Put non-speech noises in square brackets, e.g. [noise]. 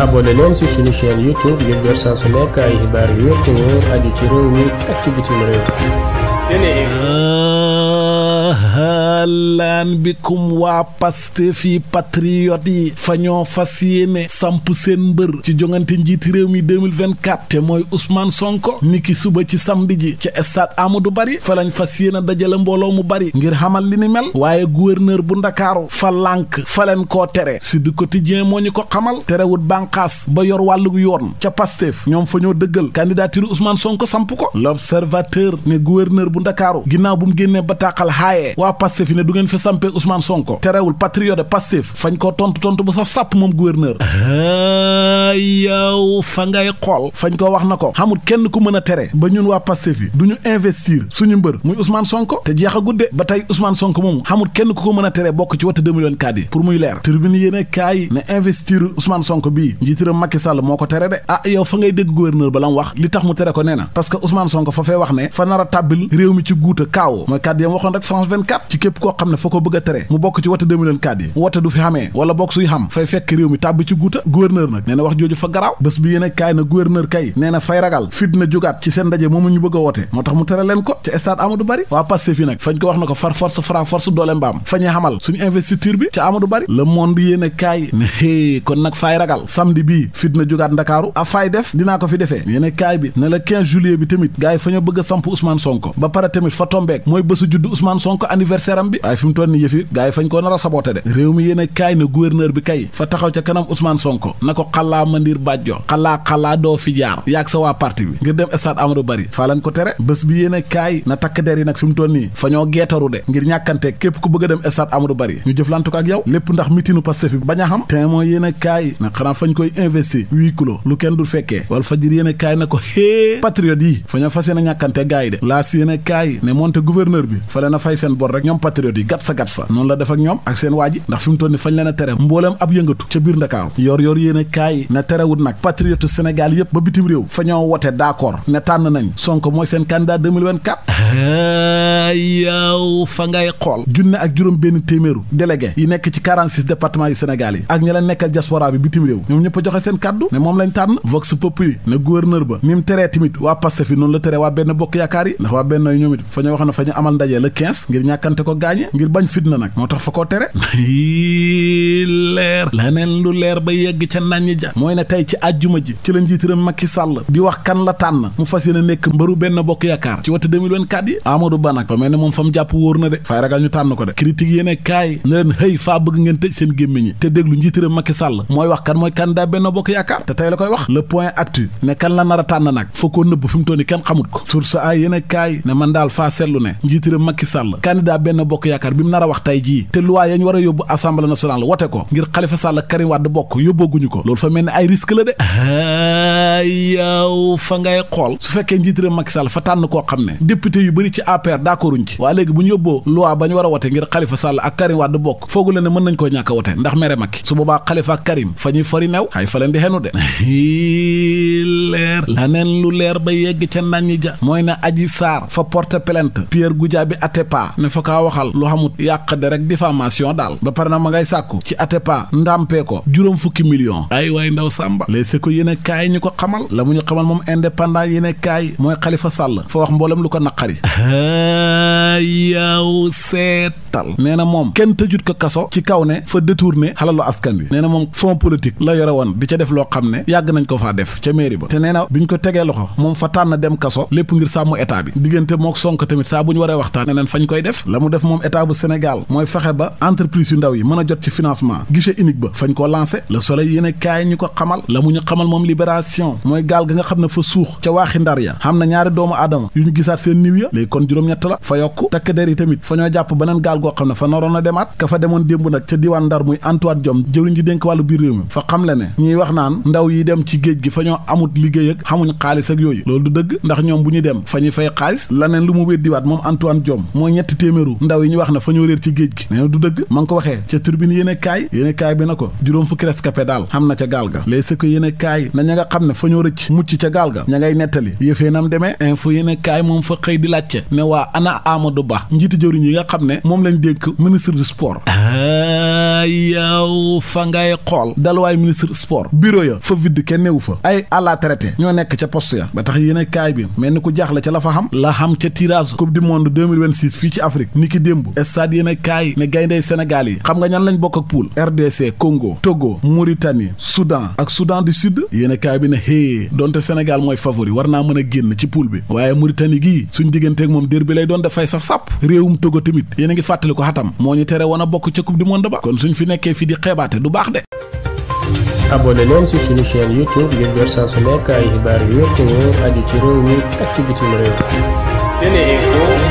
abonné leen ci suñu chaîne YouTube ngir jot su nekk ay xibaar yu wér te wóor aju ahalaan bikum waa Pastef yi patriote yi fa ñoo fas yéene samp seen mbër ci jongante njiiti réew mi 2024 te mooy usmaan Sonko ki suba ci samedi ji ca stade du bari fa lañ fas yéene dajale mbooloo mu bari ngir xamal li ni mel waaye gouverneur bu Ndakaaru fa lànk fa leen koo tere si du quotidien moo ñi ko xamal terewut bànqaas ba yor wàllu yoon ca Pastef ñoom fa ñoo dëggal candidature Ousmane Sonko samp ko l'observateur ne gouverneur bu Ndakaaru waaye waa Pastef yi ne du ngeen fi sampee Ousmane Sonko terewul patriote Pastef fañ ko tontu tontu bu saf sàpp moom gouverneur yow fa ngay xool fañ ko wax na ko xamul kenn ku mën a tere ba ñun waa Pastef yi du ñu investir suñu mbër muy Ousmane Sonko te jeex a gudde ba tey Ousmane Sonko moomu xamul kenn ku ko mën a tere bokk ci wata 2024 yi muy leer tribune yéene kaay ne investir Ousmane Sonko bii njiitiram Macky Sall moo ko tere de a ah, yow fa ngay dégg gouverneur ba la mu wax li tax mu tere ko nee na parce que Ousmane Sonko fa fee wax a tàbbil réew mi ci 24 ci képp koo xam ne fa ko bëgg a tere mu bokk ci wote 2024 yi wote du fi xamee wala bokk suy xam fay fekk réew mi tàbbi ci guuta gouverneur nag nee na wax jooju fa garaaw bés bi yéen kaay na gouverneur kay nee na fay ragal fit na jógaat ci seen ndaje moomu ñu bëgg a wote moo tax mu tere leen ko ci stade Amadou Bari waa Pastef nag fañ ko wax na ko far force fra force doole mbaam fa ñuy xamal suñu investiture bi ci Amadou Bari le a fay def fonk anniversaire am bi waaye fi mu toll fañ koo nar a saboté de réew mi yéen a kaay na gouverneur bi kay fa taxaw ca kanam Ousmane Sonko na ko xalaa mandir bàjjo xalaa xalaa doo fi jaar sa waa parti bi ngir dem stade Amadou Barry faa leen ko tere bés bi yéen kaay na takk der yi nag fi mu nii fa ñoo geetaru de ngir ñàkkante képp ku bëgg a dem stade Amadou Barry ñu jëflante ko ak yow lépp ndax mitinu Pastef bi bañ a xam te mooy kaay na xanaa fañ koy fekkee wala a kaay na ko hée patriote a ñàkkante gars yi de laas bi seen rek ñoom patriotes yi gat sa gat sa noonu la def ak ñoom ak seen waa ndax fi mu fañ leen tere mbooleem ab yëngatu ca biir ndakaaru yor yor yéen kaay ne terewut nag patriote Sénégal yépp ba bitim réew fa wote d'accord ne tànn nañ Sonko mooy seen candidat 2024 ah, yaw fa ngay xool junne ak juróom benn téeméeru délégué yi nekk ci 46 département yu yi ak ñi leen nekkal diaspora bi bitim réew ñoom ñëpp joxe seen kàddu ne moom ngir ñàkkante ko gaañe ngir bañ fit na nag moo tax fa koo tere leer laneen lu leer ba yegg ca naññi ja mooy ne tey ci àjjuma ji ci la njiitiram Macky Sall di wax kan la tànn mu fas yéene nekk mbaru benn bokk yaakaar ci wata 2024 yi Amadou Ba nag mel ne moom fa mu jàpp wóor na de fay ragal ñu tànn ko de critique yéene kaay ne leen hëy faa bëgg ngeen tëj seen gémmiñ ñi te déglu njiitiram Macky sàll mooy wax kan mooy candidat benn bokk yaakaar tey koy wax le point actu ne kan la nar tànn nag fa koo nëbb fi mu toll nii kenn xamut ko source ay yéene man daal faa seetlu ne njiitiram Macky Sall candidat benn bokk yaakaar bi mu nar a wax tey jii te loi yañ war a yóbbu assemblée nationale wote ko ngir Khalifa Sall Karim Wade bokk yóbbooguñu ko loolu fa mel ni ay risque la de yow fa ngay xool su fekkee njiit réew Macky Sall fa tànn koo xam ne député yu bëri ci APR d'accorduñ ci waa léegi bu ñu yóbboo loi ba ñu war a wote ngir Khalifa Sall ak Karim Wade bokk foogu le ne mën nañ koo ñàkk a wote ndax mere Macky su boobaa Khalifa ak Karim fa ñuy fari new xay fa leen de [laughs] leer la neen lu leer ba yegg ca nañ ja mooy ne Adji Sarr fa porte plainte Pierre Goudiaby Atepa ATEPA ne fa kaa waxal lu xamut yàq de rek diffamation daal ba pare na ma ngay sàkku ci ATEPA ndàmpee ko juróom fukki million ay waay ndaw sàmba les si ko yéen kaay ñu ko xamal la mu ñu xamal moom indépendant yéen kaay mooy Xalifa Sàll fa wax mboolem lu ko naqari [laughs] yaw seetal nee na moom kenn tëjut ko kaso ci kaw ne fa détourné xalalu askan wi nee na moom fond politique la yore woon di ca def loo xam ne yàgg nañ ko faa def ca mairie ba te nee na bi ko tegee loxo moom fa tànn dem kaso lépp ngir sàmm bi diggante mook Sonko tamit saa bu ñu waree waxtaan ne lay def la mu def moom état bu Sénégal mooy fexe ba entreprise yu ndaw yi mën a jot ci financement guichet unique ba fañ koo lancé le soleil yéen a kaay ñu ko xamal la mu ñu xamal moom libération mooy gaal ga nga xam ne fa suux ca waaxi ndar ya xam na ñaari doomu aadama yu ñu gisaat seen niw ya léegi kon juróom-ñett la fa yokk takk der yi tamit fa ñoo jàpp beneen gaal goo xam ne fa naroon a demaat ka fa demoon démb nag ca diwaan ndar muy Antoine Diome jëwriñ gi fa ñoo amut liggéey ak xamuñ xaalis ak yooyu loolu du dëgg ndax ñoom bu ñu dem fa ñuy fay xaalis laneen lu mu weddiwaat moom Antoine Diome mooy ñetti téeméeru ndaw yi ñu wax na fa ñoo réer ci géej gi nee na du dëgg ma ko waxee ca turbine yéen e kaay yéen bi na ko juróom fukki rescapé daal xam na ca gaal ga léeg si ko yéen e kaay na ña nga xam ne fa ñoo rëcc mucc ca gaal ga ña ngay nettali yëfee nam demee info yéen e kaay moom fa xëy di laajte ne waa ana Amadou Ba njiitu jëwriñ yi nga xam ne moom lañ dénk ministre du sport yow fa ngay xool dalwaay ministre sport bureau ya fa vidd kenn newu fa ay àla traité ñoo nekk ca poste ya ba tax yéen kaay bi mel ni ku jaaxle ca la fa xam la xam ca tirage coupe du monde 2026 fii ci Afrique ni ki démb stade yéen kaay ne gayndey Sénégal yi xam nga ñan lañ bokk ak poule RDC Congo Togo Mauritanie Soudan ak Soudan du Sud yéen kaay bi ne hée donte Sénégal mooy favori war naa mën a génn ci poule bi waaye Mauritanie gii suñ digganteeg moom dér lay doon dafay saf sàpp réewum Togo tamit yéen a ngi fàttali ko xatam moo ca coupe du monde kon suñ fi nekkee fi di xeebaate du baax de. abonné leen ci suñu chaîne youtube ngir jot saa su nekk ay yu wér te wóor aju ci réew mi ak ci bitim réew.